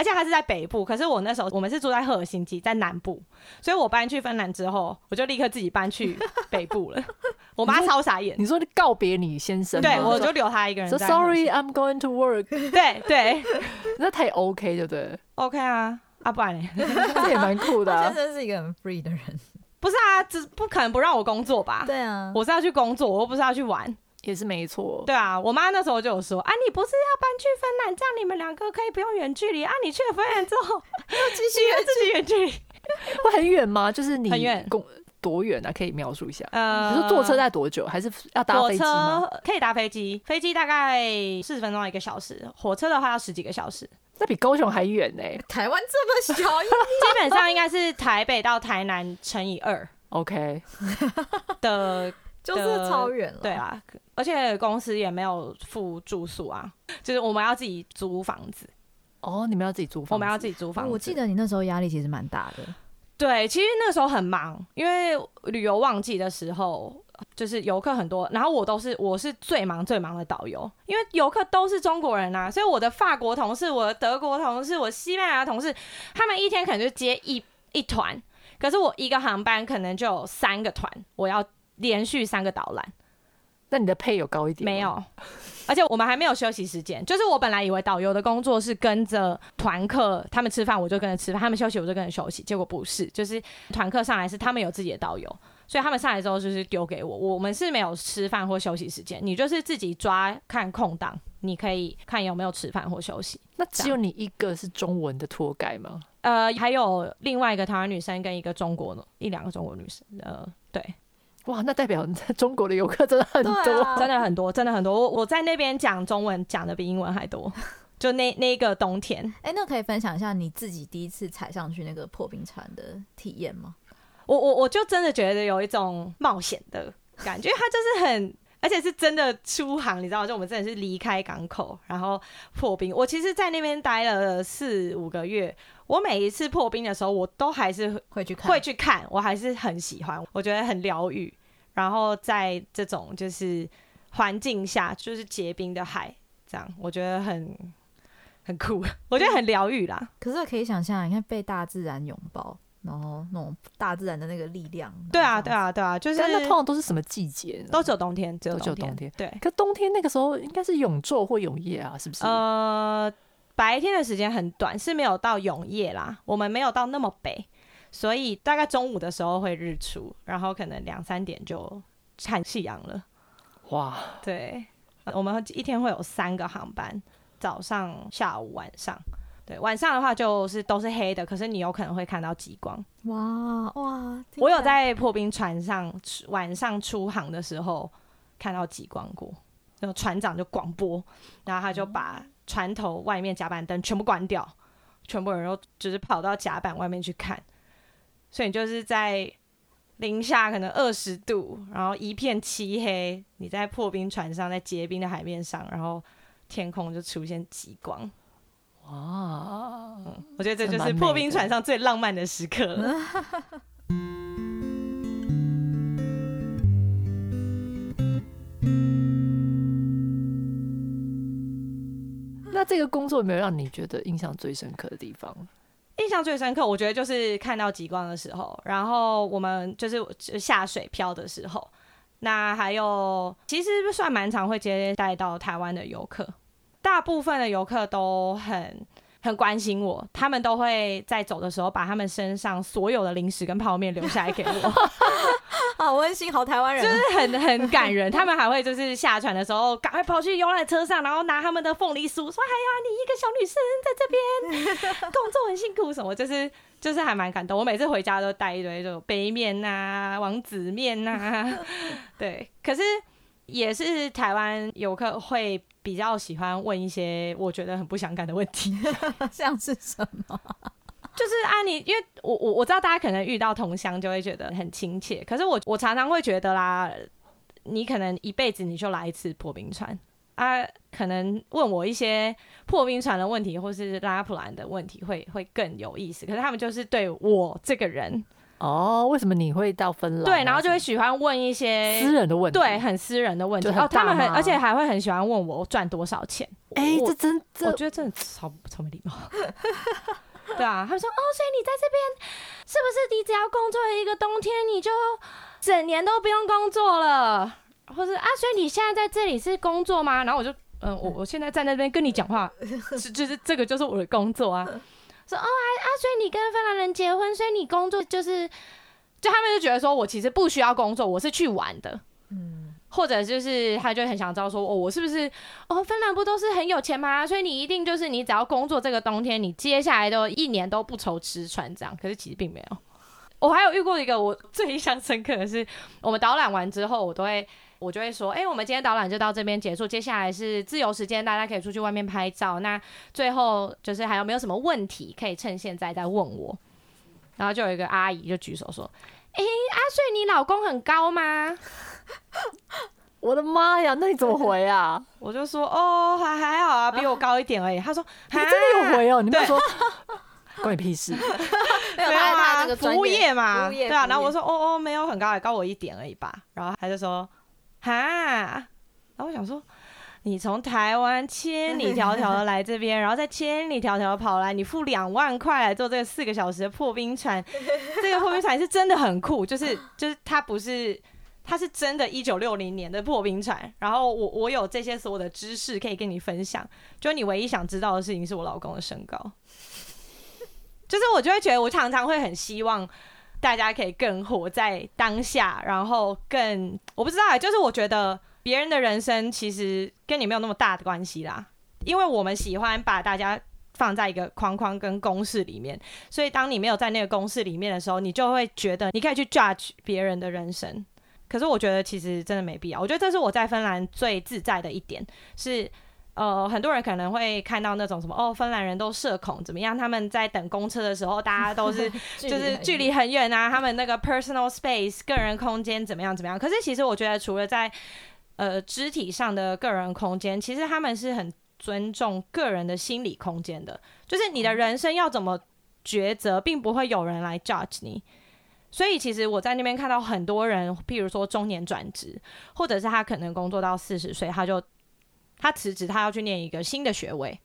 而且他是在北部，可是我那時候我們是住在赫爾辛基，在南部，所以我搬去芬蘭之後，我就立刻自己搬去北部了。 我媽超傻眼，你說你說告別你先生，對，我就留他一個人。So sorry, I'm going to work 對。對對， 那他也 OK，就對不對？OK 啊啊，不然、欸、 也蠻酷的，啊。先生是一個很 free 的人，不是啊，這不可能不讓我工作吧？對啊，我是要去工作，我又不是要去玩。也是沒錯，對啊，我媽那時候就有說，啊，你不是要搬去芬蘭，這樣你們兩個可以不用遠距離啊。你去了芬蘭之後，又繼續自己遠距離， 會很遠嗎？就是你很遠，多遠啊？可以描述一下，你、呃、說坐車在多久，還是要搭飛機嗎？坐車可以搭飛機，飛機大概四十分鐘一個小時，火車的話要十幾個小時，這比高雄還遠呢、欸。台灣這麼小意， 基本上應該是台北到台南乘以二，OK 的。就是超遠了，對啊，而且公司也沒有付住宿啊，就是我們要自己租房子。哦，你們要自己租房子，我們要自己租房子。哦，我記得你那時候壓力其實蠻大的，對，其實那時候很忙，因為旅遊旺季的時候就是遊客很多，然後我都是我是最忙最忙的導遊，因為遊客都是中國人啊，所以我的法國同事、我的德國同事、我西班牙同事，他們一天可能就接一一團，可是我一個航班可能就有三個團，我要。連續三個導覽，那你的 pay 有高一點嗎？沒有，而且我們還沒有休息時間。就是我本來以為導遊的工作是跟着團客他們吃飯，我就跟着吃飯；他們休息我就跟着休息。結果不是，就是團客上來是他們有自己的導遊，所以他們上來之後就是丟給我。我們是沒有吃飯或休息時間，你就是自己抓看空檔，你可以看有沒有吃飯或休息。那只有你一個是中文的脫改嗎？呃，還有另外一個台灣女生跟一個中國一兩個中國女生。呃，對。哇，那代表你在中國的遊客真的很多、啊，真的很多，真的很多。我我在那邊講中文講的比英文還多，就那那個冬天，哎、欸，那可以分享一下你自己第一次踩上去那個破冰船的體驗嗎？我我我就真的覺得有一種冒險的感覺，它就是很。 而且是真的出航，你知道，就我們真的是離開港口，然後破冰。我其實，在那邊待了四五個月。我每一次破冰的時候，我都還是會去看，會去看，我還是很喜歡，我覺得很療癒。然後在這種就是環境下，就是結冰的海，這樣我覺得很很酷，我覺得很療癒啦。可是我可以想象，你看被大自然擁抱。然後那種大自然的那個力量，對啊，對啊，對啊，就是那通常都是什麼季節呢？嗯？都只有冬天，只有冬天，只有冬天。對，可冬天那個時候應該是永晝或永夜啊，是不是？呃，白天的時間很短，是沒有到永夜啦。我們沒有到那麼北，所以大概中午的時候會日出，然後可能兩三點就看夕陽了。哇，對，我們一天會有三個航班，早上、下午、晚上。對，晚上的話就是都是黑的，可是你有可能會看到極光。哇哇！我有在破冰船上晚上出航的時候看到極光過，那個船長就廣播，然後他就把船頭外面甲板燈全部關掉，嗯，全部人都就是跑到甲板外面去看。所以你就是在零下可能二十度，然後一片漆黑，你在破冰船上，在結冰的海面上，然後天空就出現極光。哦、啊、嗯，我覺得這就是破冰船上最浪漫的時刻了 那這個工作有沒有讓你覺得印象最深刻的地方？印象最深刻，我覺得就是看到極光的時候，然後我們就是下水漂的時候，那還有其實算蠻常會接待到台灣的遊客。大部分的遊客都很很關心我，他們都會在走的時候把他們身上所有的零食跟泡麵留下來給我， 好溫馨，好台灣人，就是很很感人。 他們還會就是下船的時候，趕快跑去遊覽車上，然後拿他們的鳳梨酥，說：“哎呀，你一個小女生在這邊工作很辛苦。”什麼？就是就是還蠻感動。我每次回家都帶一堆這種杯麵吶、啊、王子麵吶、啊，對，可是。也是台灣遊客會比較喜歡問一些我覺得很不相干的問題 ，像是什麼？就是啊，你因為我我我知道大家可能遇到同鄉就會覺得很親切，可是我我常常會覺得啦，你可能一輩子你就來一次破冰船啊，可能問我一些破冰船的問題或是拉普蘭的問題會會更有意思，可是他們就是對我這個人。哦，為什麼你會到芬蘭？啊？對，然後就會喜歡問一些私人的問題，對，很私人的問題。哦、就是，他們很，而且還會很喜歡問我賺多少錢。哎、欸，這真的，我覺得真的超超沒禮貌。 對啊，他們說 哦，所以你在這邊，是不是你只要工作一個冬天，你就整年都不用工作了？或者啊，所以你現在在這裡是工作嗎？然後我就嗯，我我現在站在這邊跟你講話，就 就是、就是、這個就是我的工作啊。說哦，阿、啊、所以你跟芬蘭人結婚，所以你工作就是，就他們就覺得說我其實不需要工作，我是去玩的，嗯，或者就是他就很想知道說哦，我是不是哦，芬蘭不都是很有錢嗎？所以你一定就是你只要工作這個冬天，你接下來都一年都不愁吃穿這樣。可是其實並沒有，我還有遇過一個我最印象深刻的是，我們導覽完之後，我都會。我就會說，哎、欸，我們今天導覽就到這邊結束，接下來是自由時間，大家可以出去外面拍照。那最後就是還有沒有什麼問題，可以趁現在再問我。然後就有一個阿姨就舉手說，哎、欸，阿穗，你老公很高嗎？ 我的媽呀，那你怎麼回啊？ 我就說，哦，還還好啊，比我高一點而已。啊、他說、哎啊，你真的有回哦？你在說，關 你屁事 沒？沒有啊，他他服務業嘛服務業服務業，對啊。然後我說，哦哦，沒有很高，也高我一點而已吧。然後他就說。哈，然後我想說，你從台灣千里迢迢的來這邊， 然後再千里迢迢跑來，你付兩萬塊來做這個四個小時的破冰船，這個破冰船是真的很酷，就是就是它不是，它是真的一九六零年的破冰船。然後我我有這些所有的知識可以跟你分享，就你唯一想知道的事情是我老公的身高，就是我就會覺得我常常會很希望。大家可以更活在當下，然後更，我不知道，就是我覺得別人的人生其實跟你沒有那麼大的關係啦，因為我們喜歡把大家放在一個框框跟公式裡面，所以當你沒有在那個公式裡面的時候，你就會覺得你可以去 judge 別人的人生，可是我覺得其實真的沒必要。我覺得這是我在芬蘭最自在的一點是。呃，很多人可能會看到那種什麼哦，芬蘭人都社恐怎麼樣？他們在等公車的時候，大家都是、 啊、就是距離很遠啊，他們那個 personal space 個人空間怎麼樣怎麼樣？可是其實我覺得，除了在呃肢體上的個人空間，其實他們是很尊重個人的心理空間的。就是你的人生要怎麼抉擇，並不會有人來 judge 你。所以其實我在那邊看到很多人，譬如說中年轉職，或者是他可能工作到四十歲，他就。他辭職，他要去念一個新的學位，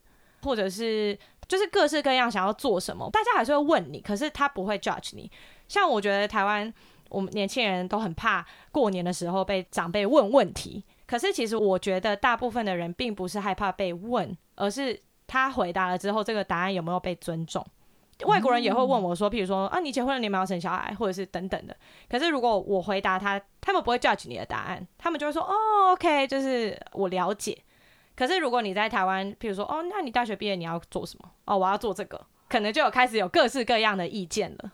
或者是就是各式各樣想要做什麼，大家還是會問你，可是他不會 judge 你。像我覺得台灣我們年輕人都很怕過年的時候被長輩問問題，可是其實我覺得大部分的人並不是害怕被問，而是他回答了之後，這個答案有沒有被尊重。外國人也會問我說，譬如說啊，你結婚了，你有沒有生小孩，或者是等等的。可是如果我回答他，他們不會 judge 你的答案，他們就會說，哦，OK，就是我了解。可是如果你在台灣，譬如說哦，那你大學畢業你要做什麼？哦，我要做這個，可能就有開始有各式各樣的意見了。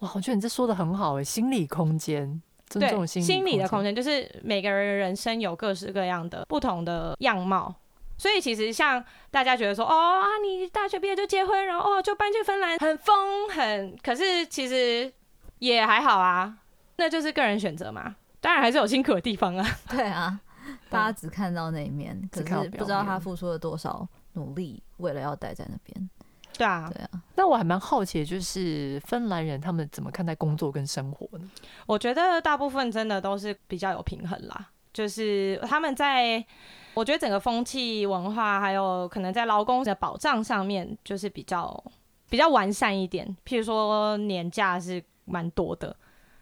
哇，我覺得你這說的很好，哎，心理空間，尊重心理空間，對，心理的空間就是每個人人生有各式各樣的不同的樣貌。 所以其實像大家覺得說，哦啊，你大學畢業就結婚，然後哦就搬去芬蘭，很瘋很，可是其實也還好啊，那就是個人選擇嘛。當然還是有辛苦的地方啊。對啊。大家只看到那一面，可是不知道他付出了多少努力，為了要待在那邊。對啊，對啊。那我還蠻好奇，就是芬蘭人他們怎麼看待工作跟生活呢？我覺得大部分真的都是比較有平衡啦，就是他們在，我覺得整個風氣文化還有可能在勞工的保障上面，就是比較比較完善一點。譬如說年假是蠻多的，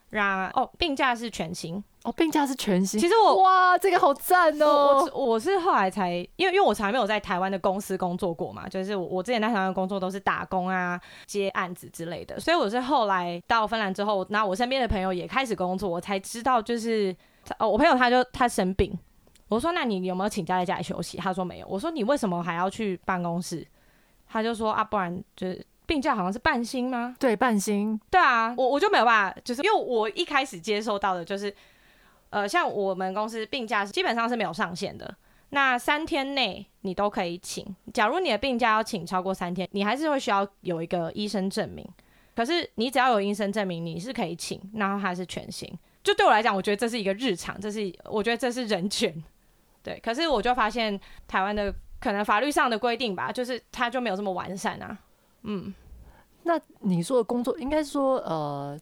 然哦，病假是全勤全薪。病假是全薪。其實我哇，這個好讚哦、喔！我我，我是後來才，因為因為我從來沒有在台灣的公司工作過嘛，就是我我之前在台灣工作都是打工啊，接案子之類的，所以我是後來到芬蘭之後，那我身邊的朋友也開始工作，我才知道就是哦，我朋友他就他生病，我說，那你有沒有請假在家裡休息？他說沒有，我說你為什麼還要去辦公室？他就說啊，不然就是病假好像是半薪嗎？對，半薪。對啊，我我就沒有辦法，就是因為我一開始接受到的就是。呃，像我們公司病假基本上是沒有上限的，那三天內你都可以請。假如你的病假要請超過三天，你還是會需要有一個醫生證明。可是你只要有醫生證明，你是可以請，然後還是全薪，就對我來講，我覺得這是一個日常，這是我覺得這是人權，對。可是我就發現台灣的可能法律上的規定吧，就是它就沒有這麼完善啊。嗯，那你做的工作，應該是說呃。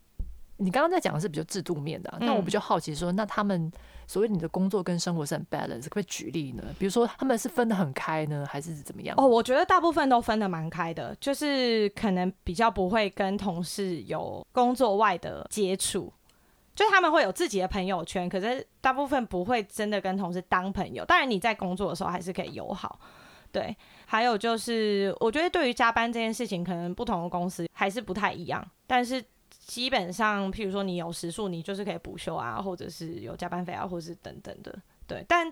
你剛剛在講的是比較制度面的啊，嗯，那我比較好奇說，那他們所謂你的工作跟生活是很 balance，可不可以舉例呢？比如說他們是分得很開呢，還是怎麼樣？哦，我覺得大部分都分得蠻開的，就是可能比較不會跟同事有工作外的接觸，就他們會有自己的朋友圈，可是大部分不會真的跟同事當朋友。當然你在工作的時候還是可以友好，對。還有就是，我覺得對於加班這件事情，可能不同的公司還是不太一樣，但是。基本上，譬如說你有時數，你就是可以補休啊，或者是有加班費啊，或者是等等的，對。但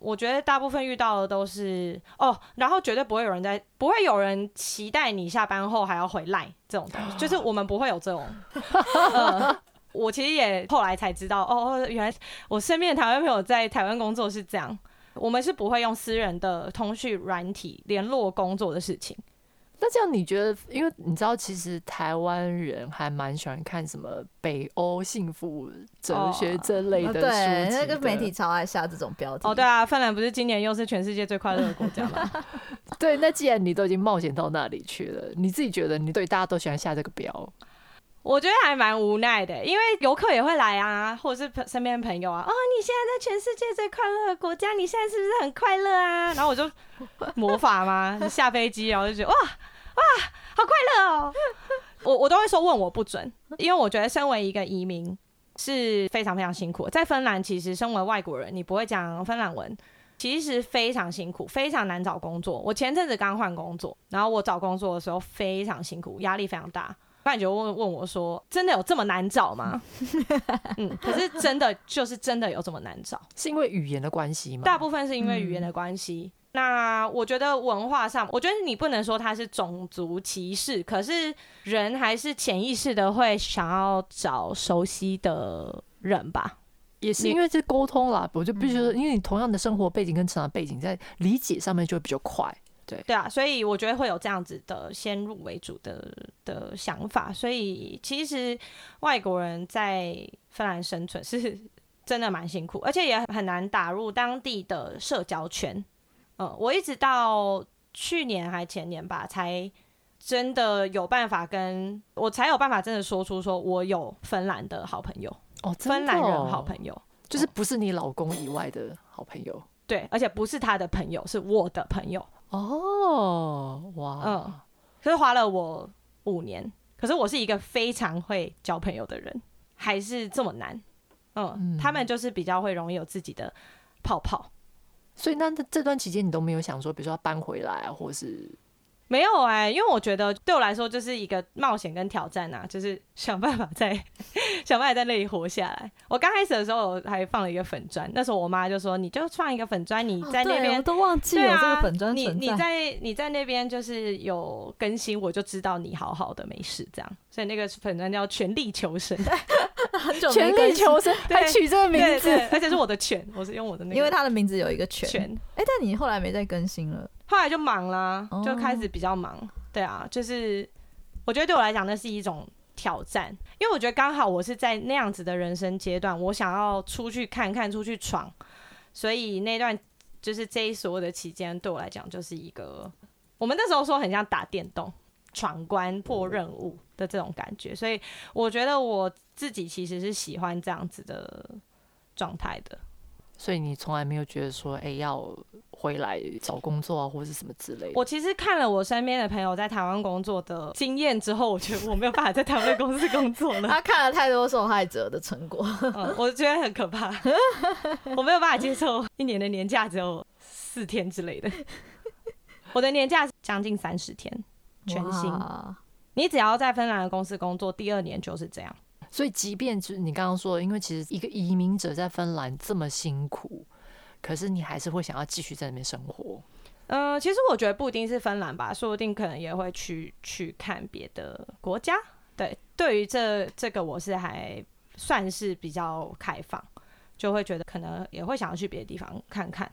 我覺得大部分遇到的都是哦，然後絕對不會有人在，不會有人期待你下班後還要回來這種東西，就是我們不會有這種、 呃。我其實也後來才知道，哦，原來我身邊的台灣朋友在台灣工作是這樣，我們是不會用私人的通訊軟體聯絡工作的事情。那這樣你覺得，因為你知道，其實台灣人還蠻喜歡看什麼北歐幸福哲學這類的書的。哦，對，那個媒體超愛下這種標題。哦，對啊，芬蘭不是今年又是全世界最快樂的國家嗎？ 對，那既然你都已經冒險到那裡去了，你自己覺得你對大家都喜歡下這個標。我覺得還蠻無奈的，因為遊客也會來啊，或者是身邊的朋友啊，哦，你現在在全世界最快樂的國家，你現在是不是很快樂啊？然後我就魔法嗎？ 下飛機，然後就覺得哇哇好快樂哦！ 我我都會說問我不準，因為我覺得身為一個移民是非常非常辛苦。在芬蘭，其實身為外國人，你不會講芬蘭文，其實非常辛苦，非常難找工作。我前陣子剛換工作，然後我找工作的時候非常辛苦，壓力非常大。那你就問問我說，說真的有這麼難找嗎？ 嗯、可是真的就是真的有這麼難找，是因為語言的關係嗎？大部分是因為語言的關係、嗯。那我覺得文化上，我覺得你不能說它是種族歧視，可是人還是潛意識的會想要找熟悉的人吧，也是因為這溝通了，我就必須說、嗯，因為你同樣的生活背景跟成長背景，在理解上面就會比較快。對對啊，所以我覺得會有這樣子的先入為主的的想法，所以其實外國人在芬蘭生存是真的蠻辛苦，而且也很難打入當地的社交圈。嗯，我一直到去年還前年吧，才真的有辦法跟我才有辦法真的說出說我有芬蘭的好朋友哦，真的哦，芬蘭人好朋友就是不是你老公以外的好朋友， 對，而且不是他的朋友，是我的朋友。哦，哇，嗯，所以花了我五年，可是我是一個非常會交朋友的人，還是這麼難，嗯，嗯，他們就是比較會容易有自己的泡泡，所以那這段期間你都沒有想說，比如說要搬回來，或是。沒有哎、欸，因為我覺得對我來說就是一個冒險跟挑戰啊，就是想辦法在想辦法在那裡活下來。我剛開始的時候還放了一個粉專，那時候我媽就說：“你就放一個粉專，你在那邊、哦、都忘記了這個粉專、粉專，你你在你在那邊就是有更新，我就知道你好好的沒事這樣。所以那個粉專叫荃力求生。 ” 《荃力求生》他取這個名字，而且是我的荃， 我是用我的那個。因為他的名字有一個荃，哎、欸，但你後來沒再更新了，後來就忙啦、啊，oh. 就開始比較忙。對啊，就是我覺得對我來講，那是一種挑戰，因為我覺得剛好我是在那樣子的人生階段，我想要出去看看，出去闖，所以那段就是這一所有的期間，對我來講就是一個，我們那時候說很像打電動，闖關破任務。嗯的這種感覺，所以我覺得我自己其實是喜歡這樣子的狀態的。所以你從來沒有覺得說，哎、欸，要回來找工作啊，或者是什麼之類的？我其實看了我身邊的朋友在台灣工作的經驗之後，我覺得我沒有辦法在台灣公司工作了。 他看了太多受害者的成果， 嗯，我覺得很可怕， 我沒有辦法接受一年的年假只有四天之類的。 我的年假是將近三十天，全薪。你只要在芬蘭的公司工作，第二年就是這樣。所以，即便是你剛剛說，因為其實一個移民者在芬蘭這麼辛苦，可是你還是會想要繼續在那邊生活。嗯、呃，其實我覺得不一定是芬蘭吧，說不定可能也會去去看別的國家。對，對於這這個，我是還算是比較開放，就會覺得可能也會想要去別的地方看看。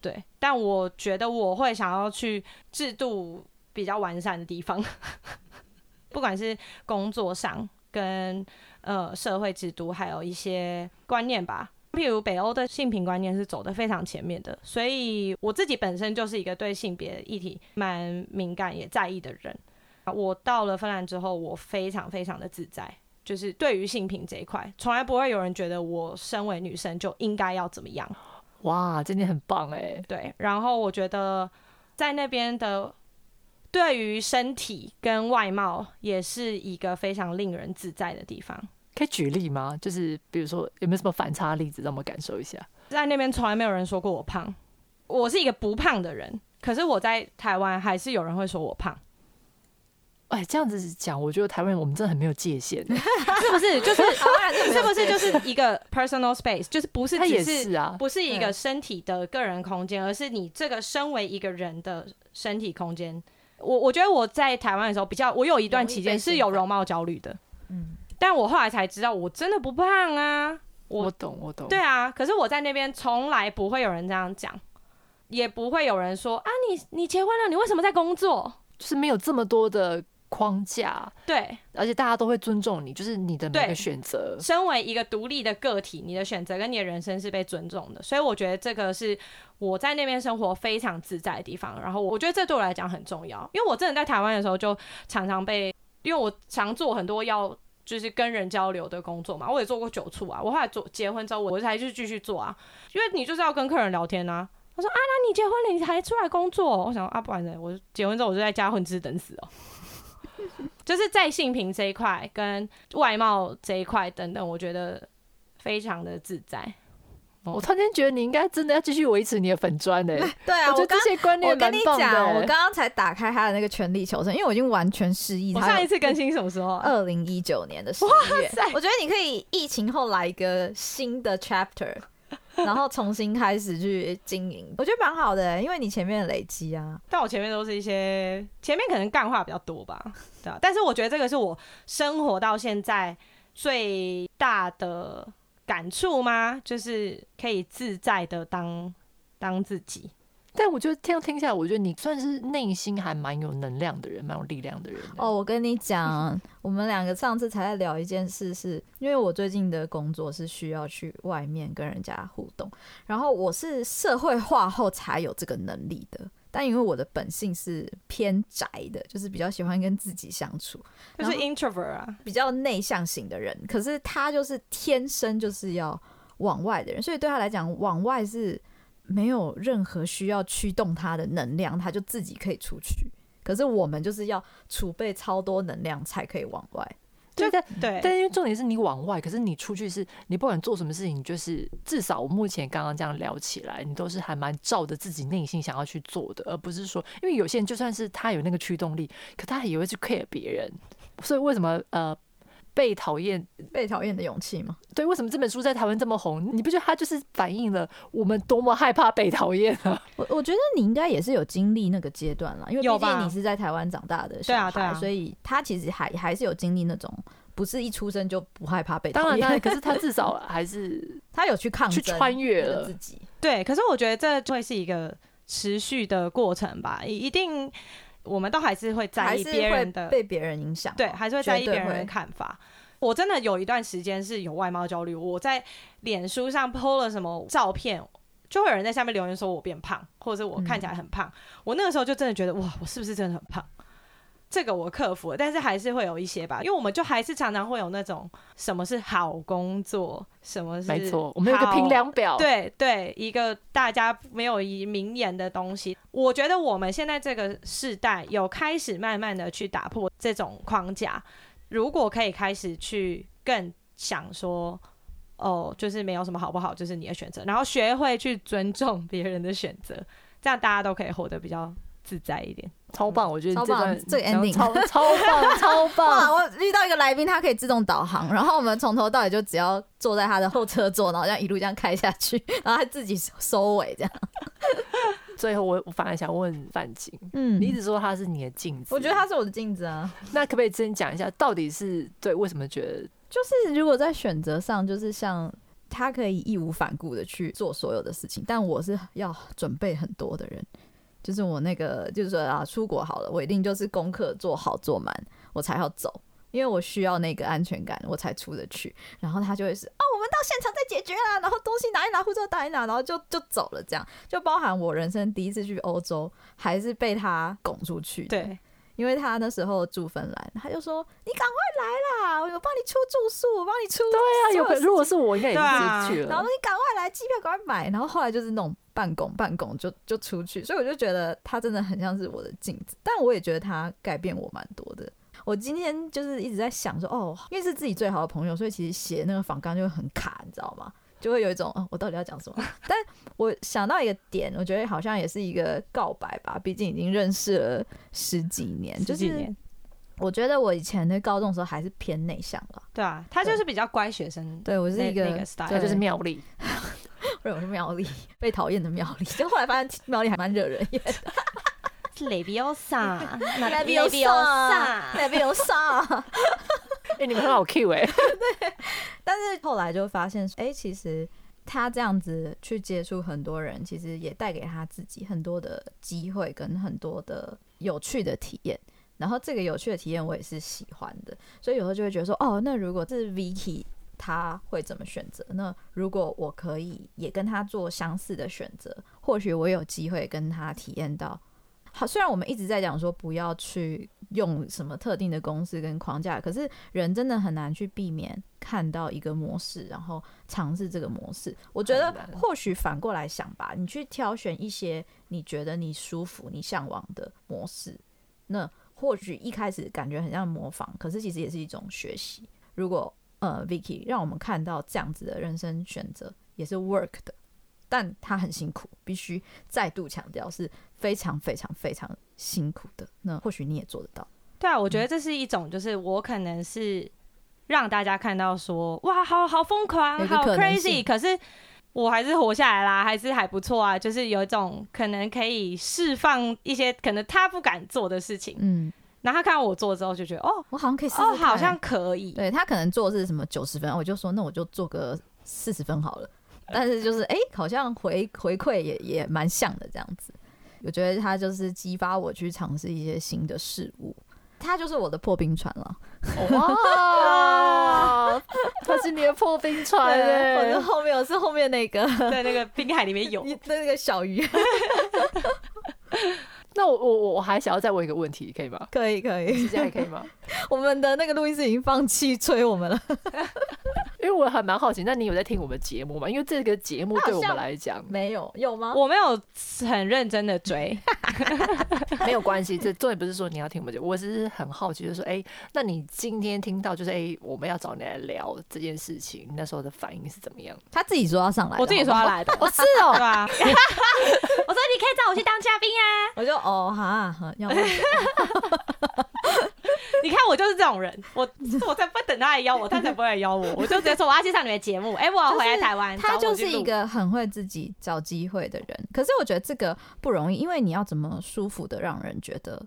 對，但我覺得我會想要去制度比較完善的地方。不管是工作上跟呃社會制度，還有一些觀念吧，譬如北歐的性平觀念是走得非常前面的，所以我自己本身就是一個對性別議題蠻敏感也在意的人。我到了芬蘭之後，我非常非常的自在，就是對於性平這一塊，從來不會有人覺得我身為女生就應該要怎麼樣。哇，真的很棒欸！對，然後我覺得在那邊的，對於身體跟外貌也是一個非常令人自在的地方。可以舉例嗎？就是比如說有沒有什麼反差例子讓我們感受一下？在那邊從來沒有人說過我胖，我是一個不胖的人。可是我在台灣還是有人會說我胖。哎、欸，這樣子講，我覺得台灣人我們真的很沒有界限，是不是？就是是不是就是一個 personal space， 就是不是解釋啊，不是一個身體的個人空間，而是你這個身為一個人的身體空間。我我覺得我在台灣的時候比較，我有一段期間是有容貌焦慮的，嗯，但我後來才知道我真的不胖啊，我懂我懂，對啊，可是我在那邊從來不會有人這樣講，也不會有人說啊，你你結婚了，你為什麼在工作？就是沒有這麼多的。框架，對，而且大家都會尊重你，就是你的每個選擇。身為一個獨立的個體，你的選擇跟你的人生是被尊重的，所以我覺得這個是我在那邊生活非常自在的地方。然後我覺得這對我來講很重要，因為我真的在台灣的時候就常常被，因為我常做很多要就是跟人交流的工作嘛。我也做過酒促啊，我後來做結婚之後，我才去繼續做啊，因為你就是要跟客人聊天啊。他說啊，那你結婚了，你才出來工作？我想啊，不然呢，我結婚之後我就在家混吃等死哦。 就是在性平這一塊、跟外貌這一塊等等，我覺得非常的自在。Oh. 我突然間覺得你應該真的要繼續維持你的粉專呢、欸？對啊，我我，剛剛我、欸、我跟你講，我剛剛才打開他的那個《荃力求生》，因為我已經完全失憶。我上一次更新什麼時候？二零一九年的十一月。 我覺得你可以疫情後來一個新的 chapter。 然後重新開始去經營，我覺得蠻好的，欸，因為你前面的累積啊。但我前面都是一些前面可能幹話比較多吧，對啊。但是我覺得這個是我生活到現在最大的感觸嗎？就是可以自在的當當自己。但我覺得聽聽下來，我覺得你算是內心還蠻有能量的人，蠻有力量的人。哦，我跟你講、嗯，我們兩個上次才在聊一件事是，是因為我最近的工作是需要去外面跟人家互動，然後我是社會化後才有這個能力的。但因為我的本性是偏宅的，就是比較喜歡跟自己相處，就是 introvert 啊，比較內向型的人。可是他就是天生就是要往外的人，所以對他來講，往外是。沒有任何需要驅動它的能量，它就自己可以出去。可是我們就是要儲備超多能量才可以往外。對的、嗯，對。但因為重點是你往外，可是你出去是，你不管做什麼事情，就是至少我目前剛剛這樣聊起來，你都是還蠻照着自己內心想要去做的，而不是說，因為有些人就算是他有那個驅動力，可他也會去 care 別人。所以為什麼呃？被討厭，被討厭的勇氣嗎？對，為什麼這本書在台灣這麼紅？你不覺得它就是反映了我們多麼害怕被討厭啊？我我覺得你應該也是有經歷那個階段了，因為畢竟你是在台灣長大的小孩，對啊，對。所以他其實還還是有經歷那種不是一出生就不害怕被討厭。當然，啊啊，可是他至少還是 他有去抗去穿越了自己。對，可是我覺得這會是一個持續的過程吧，一定。我們都還是會在意別人的被別人影響，對，還是會在意別人的看法。我真的有一段時間是有外貌焦慮，我在臉書上 PO 了什麼照片，就會有人在下面留言說我變胖，或者是我看起來很胖。嗯。我那個時候就真的覺得，哇，我是不是真的很胖？這個我克服了，但是還是會有一些吧，因為我們就還是常常會有那種什麼是好工作，什麼是沒錯，我們有一個評量表，對對，一個大家沒有以名言的東西。我覺得我們現在這個世代有開始慢慢的去打破這種框架，如果可以開始去更想說，哦、呃，就是沒有什麼好不好，就是你的選擇，然後學會去尊重別人的選擇，這樣大家都可以活得比較。自在一點，超棒！我覺得這段個、嗯、最 ending 超超棒，超棒！ 我遇到一個來賓，他可以自動導航，然後我們從頭到尾就只要坐在他的後車座，然後這樣一路這樣開下去，然後他自己收尾這樣。 最後我，我我反而想問范晶，嗯，你一直說他是你的鏡子，我覺得他是我的鏡子啊。那可不可以先講一下，到底是對為什麼覺得？就是如果在選擇上，就是像他可以義無反顧的去做所有的事情，但我是要準備很多的人。就是我那個，就是說啊，出國好了，我一定就是功課做好做滿，我才要走，因為我需要那個安全感，我才出得去。然後他就會是，哦，我們到現場再解決啦，然後東西拿一拿，護照帶一拿，然後就就走了，這樣。就包含我人生第一次去歐洲，還是被他拱出去的，對，因為他那時候住芬蘭，他就說你趕快來啦，我有幫你出住宿，我幫你出，對啊，有，如果是我，應該也自己去了、啊。然後你趕快來，機票趕快買，然後後來就是那種。半拱半拱就就出去，所以我就覺得他真的很像是我的鏡子，但我也覺得他改變我蠻多的。我今天就是一直在想說，哦，因為是自己最好的朋友，所以其實寫那個訪綱就會很卡，你知道嗎？就會有一種，哦、我到底要講什麼？ 但我想到一個點，我覺得好像也是一個告白吧，畢竟已經認識了十幾，十幾年。就是我覺得我以前在高中的時候還是偏內向了。對啊，他就是比較乖學生，對我是一個那個 style，就是妙麗。我是妙麗，被討厭的妙麗。就後來發現妙麗還蠻惹人厭的。 雷比奧薩，雷比奧薩，雷比奧薩。哎，你們很好，Q 哎。 對。但是後來就發現說，哎、欸，其實他這樣子去接觸很多人，其實也帶給他自己很多的機會跟很多的有趣的體驗。然後這個有趣的體驗我也是喜歡的，所以有時候就會覺得說，哦，那如果這是 Vickie 他會怎麼選擇？那如果我可以也跟他做相似的選擇，或許我有機會跟他體驗到。好，雖然我們一直在講說不要去用什麼特定的公式跟框架，可是人真的很難去避免看到一個模式，然後嘗試這個模式。我覺得或許反過來想吧，你去挑選一些你覺得你舒服、你嚮往的模式，那或許一開始感覺很像模仿，可是其實也是一種學習。如果呃，Vickie，讓我們看到這樣子的人生選擇也是 work 的，但他很辛苦，必須再度強調是非常非常非常辛苦的。那或許你也做得到。對啊，我覺得這是一種，就是我可能是讓大家看到說，嗯、哇，好好瘋狂，好 crazy，可是我還是活下來啦，還是還不錯啊。就是有一種可能可以釋放一些可能他不敢做的事情。嗯。然後他看到我做之後就覺得哦，我好像可以試試哦，好像可以。對他可能做的是什麼九十分，我就說那我就做個四十分好了。但是就是哎，好像回回饋也也蠻像的這樣子。我覺得他就是激發我去嘗試一些新的事物。他就是我的破冰船了。哇、哦，他、 哦、是你的破冰船， 對，反正後面我是後面那個在那個冰海裡面有 那個小魚。 那我我我我還想要再問一個問題，可以嗎？可以可以，是這樣可以嗎？ 我們的那個錄音師已經放棄催我們了， 因為我還蠻好奇。那你有在聽我們節目嗎？因為這個節目對我們來講，沒有有嗎？我沒有很認真的追， 沒有關係。這重點不是說你要聽我們節目，我只是很好奇，就是說哎、欸，那你今天聽到就是哎、欸，我們要找你來聊這件事情，那時候的反應是怎麼樣？他自己說要上來好好，我自己說要來的，我、 oh, 是哦、喔，對吧？我說你可以找我去當嘉賓呀， 我就。哦哈，要我？ 你看我就是這種人，我我才不等他來邀我，他才不會來邀我。我就直接說我要去上你的節目，哎，我要、欸、我回來台灣。他就是一個很會自己找機會的人。 可是我覺得這個不容易，因為你要怎麼舒服的讓人覺得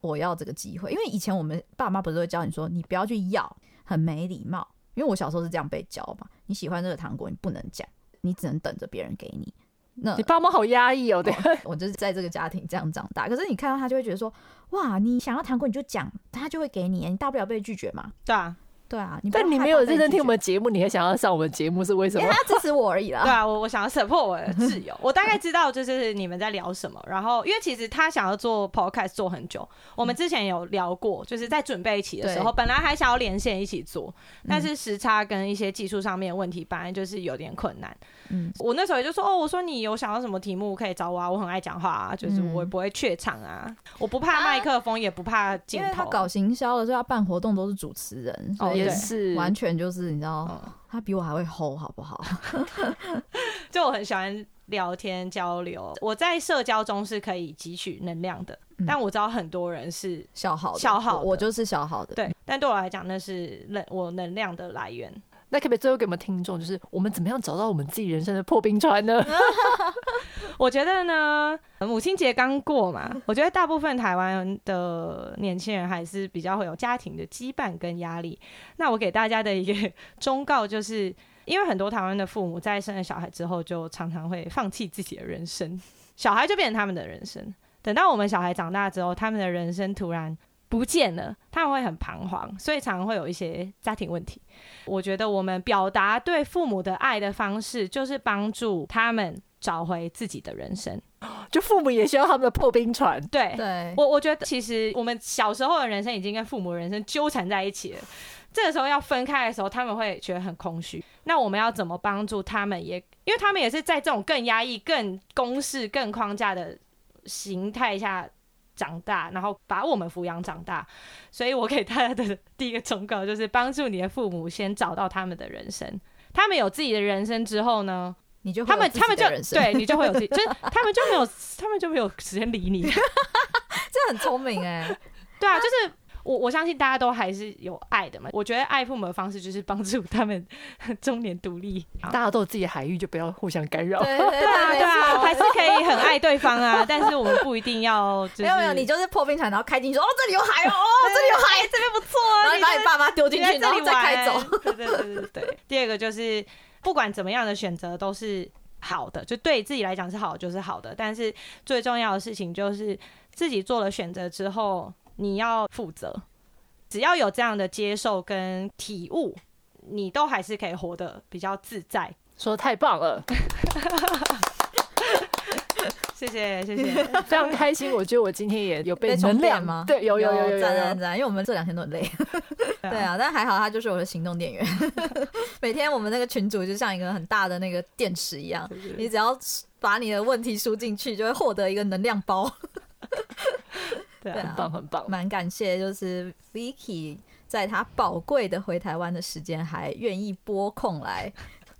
我要這個機會？因為以前我們爸媽不是會教你說，你不要去要，很沒禮貌。因為我小時候是這樣被教嘛，你喜歡這個糖果，你不能講，你只能等着別人給你。那你爸媽好壓抑哦，對，我就是在這個家庭這樣長大。是長大 可是你看到他就會覺得說，哇，你想要糖果，你就講，他就會給你，你大不了被拒絕嘛，對啊，對啊。但你,你沒有認真聽我們節目，你還想要上我們節目是為什麼？因、欸、為他要支持我而已啦。 對啊，我我想要 support 我的自由、嗯。我大概知道就是你們在聊什麼，然後因為其實他想要做 podcast 做很久、嗯，我們之前有聊過，就是在準備一起的時候，本來還想要連線一起做，但是時差跟一些技術上面的問題，本來就是有點困難。嗯，我那時候也就說，哦，我說你有想到什麼題目可以找我啊？我很愛講話，啊，就是我也不會怯場啊，嗯，我不怕麥克風，啊，也不怕鏡頭。因為他搞行銷的時候，他辦活動都是主持人，哦，也是，完全就是你知道、哦，他比我還會吼，好不好？嗯， 就我很喜歡聊天交流，我在社交中是可以汲取能量的，嗯，但我知道很多人是消耗的，消耗的，我，我就是消耗的，對。但對我來講，那是能我能量的來源。那可不可以最後給我們聽眾，就是我們怎麼樣找到我們自己人生的破冰船呢？ 我覺得呢，母親節剛過嘛，我覺得大部分台灣的年輕人還是比較會有家庭的羈絆跟壓力。那我給大家的一個忠告就是，因為很多台灣的父母在生了小孩之後，就常常會放棄自己的人生，小孩就變成他們的人生。等到我們小孩長大之後，他們的人生突然不見了，他們會很彷徨，所以常常會有一些家庭問題。我覺得我們表達對父母的愛的方式，就是幫助他們找回自己的人生。就父母也需要他們的破冰船。對，對我我覺得其實我們小時候的人生已經跟父母人生糾纏在一起了，這個時候要分開的時候，他們會覺得很空虛。那我們要怎麼幫助他們也，也因為他們也是在這種更壓抑、更公式、更框架的形態下。長大，然後把我們撫養長大，所以我給大家的第一個忠告就是：幫助你的父母先找到他們的人生。他們有自己的人生之後呢，你就他們他們就 對你就會有自己，就是、他們就沒有 他們就沒有時間理你。 這很聰明哎， 對啊，就是。 我我相信大家都還是有愛的嘛。我覺得愛父母的方式就是幫助他們中年獨立，啊。大家都有自己的海域，就不要互相干擾。對，對，對 啊，對啊， 還是可以很愛對方啊。 但是我們不一定要，就是……沒有沒有，你就是破冰船，然後開進去，哦，這裡有海哦，哦這裡有海，這邊不錯，啊，然後你把你爸媽丟進去，你這裡然後再開走。對對對對對，對， 對。第二個就是，不管怎麼樣的選擇都是好的，就對自己來講是好就是好的。但是最重要的事情就是自己做了選擇之後。你要負責，只要有這樣的接受跟體悟，你都還是可以活得比較自在。說的太棒了！ 謝謝謝謝，非常開心。我覺得我今天也有被能量，被充電嗎？對，有有有有、有、有，讚讚讚讚。因為，我們這兩天都很累。對啊， 對啊，但還好他就是我的行動電源。 每天我們那個群主就像一個很大的那個電池一樣，你只要把你的問題輸進去，就會獲得一個能量包。對啊，很棒，很棒。蠻感謝，就是 Vickie 在他寶貴的回台灣的時間，還願意撥空來。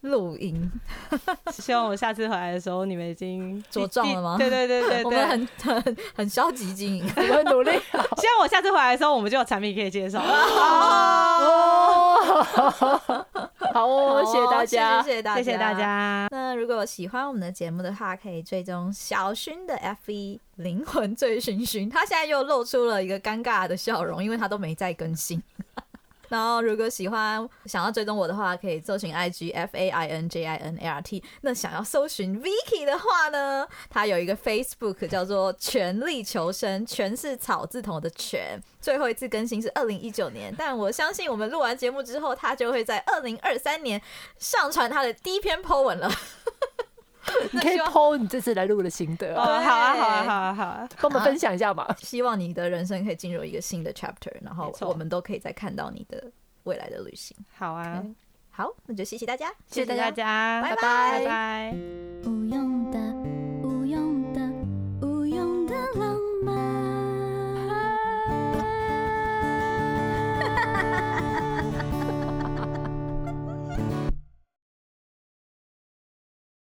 錄音， 希望我下次回來的時候你們已經茁壯了嗎？對對對對對，對 我很，我很很很消極經營，我 們努力。希望我下次回來的時候，我們就有產品可以介紹。哦哦哦，好，哦，謝謝，好哦，謝謝大家，謝謝大家，謝謝大家。那如果喜歡我們的節目的話，可以追蹤小薰的 FB 靈魂醉醺薰。他現在又露出了一個尷尬的笑容，因為他都沒再更新。然後，如果喜歡想要追蹤我的話，可以搜尋 I G F A I N J I N A R T。那想要搜尋 Vickie 的話呢？他有一個 Facebook 叫做“荃力求生”，荃是草字頭的“荃”。最後一次更新是二零一九年，但我相信我們錄完節目之後，他就會在二零二三年上傳他的第一篇 po 文了。 你可以 PO 你這次來錄的心得啊， 好啊，好，啊好，啊，跟我們分享一下吧。希望你的人生可以進入一個新的 chapter，然後我們都可以再看到你的未來的旅行。好啊，okay. 好，那就謝謝，謝謝大家，謝謝大家，拜拜，拜拜。無用的，無用的，無用的